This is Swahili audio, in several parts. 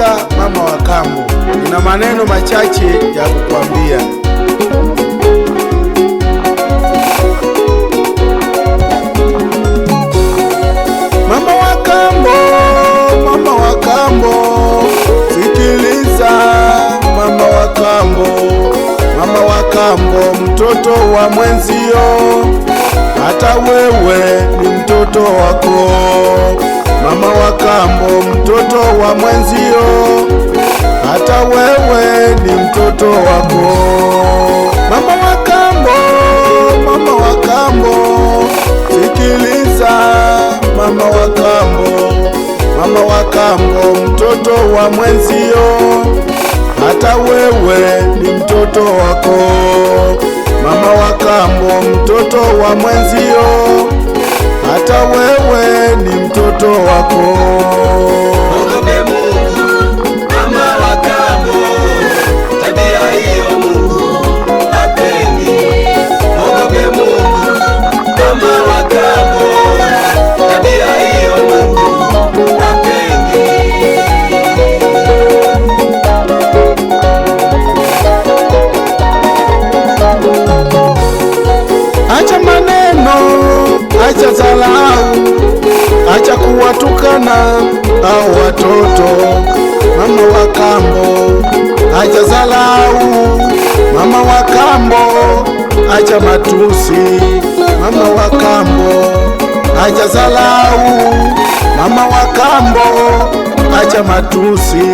Kwanza mama wa kambo, nina maneno machache ya kukwambia. Mama wa kambo, mama wa kambo, sikiliza mama wa kambo, mama wa kambo, mtoto wa mwenzio, hata wewe ni mtoto wako mama wa kambo, mtoto wa mwenzio, hata wewe ni mtoto wako. Mama wa kambo, mama wa kambo, sikiliza mama wa kambo, mama wa kambo, mtoto wa mwenzio, hata wewe ni mtoto wako. Mama wa kambo, mtoto wa mwenzio, hata wewe watoto wako au watoto mama wa kambo acha zalau, mama wa kambo acha matusi, mama wa kambo acha zalau, mama wa kambo acha matusi.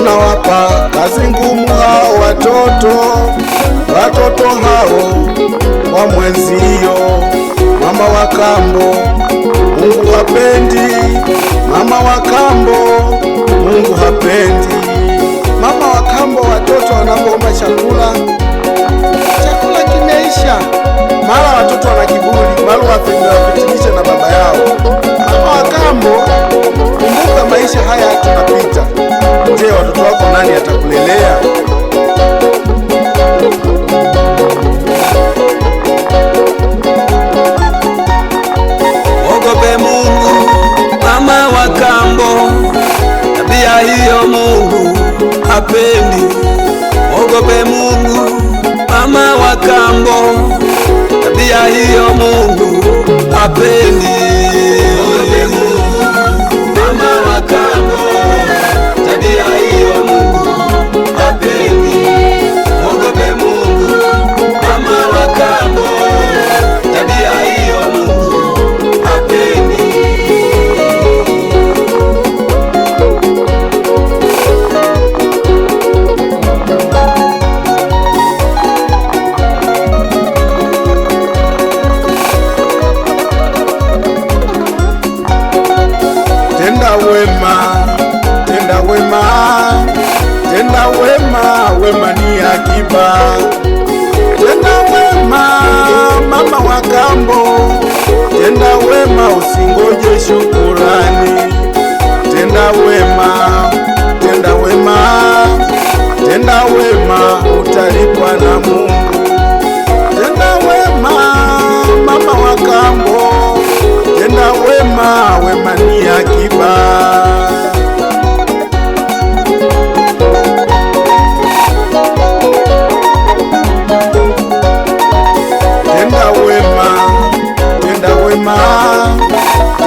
Unawapa kazi ngumu hao watoto, watoto hao wa mwenzio mama wa kambo, Mungu hapendi. Mama wa kambo, Mungu hapendi. Mama wa kambo, watoto wanapoomba chakula, chakula kimeisha, mara watoto wana kiburi, mara wapitilisha na baba yao. Mama wa kambo, kumbuka maisha haya tunapita. Je, watoto wako nani ata hapendi, ogope Mungu mama wa kambo, tabia hiyo Mungu apendi wema, tenda wema, tenda wema, wema ni akiba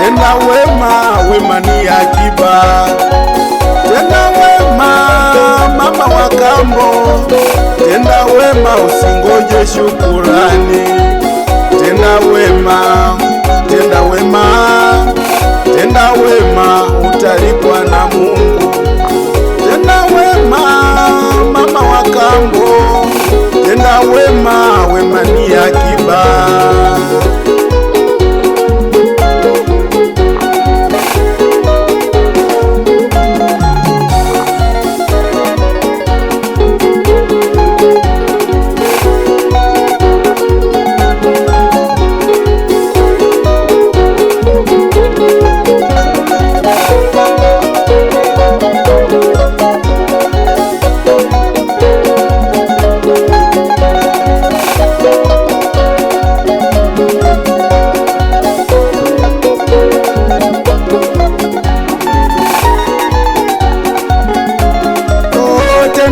Tena wema, wema ni akiba. Tena wema, mama wa kambo. Tena wema, usingoje shukurani. Tena wema, tenda wema, tenda wema, utalipwa na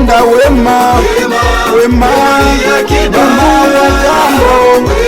Wapenda wema wema, dunia kitambo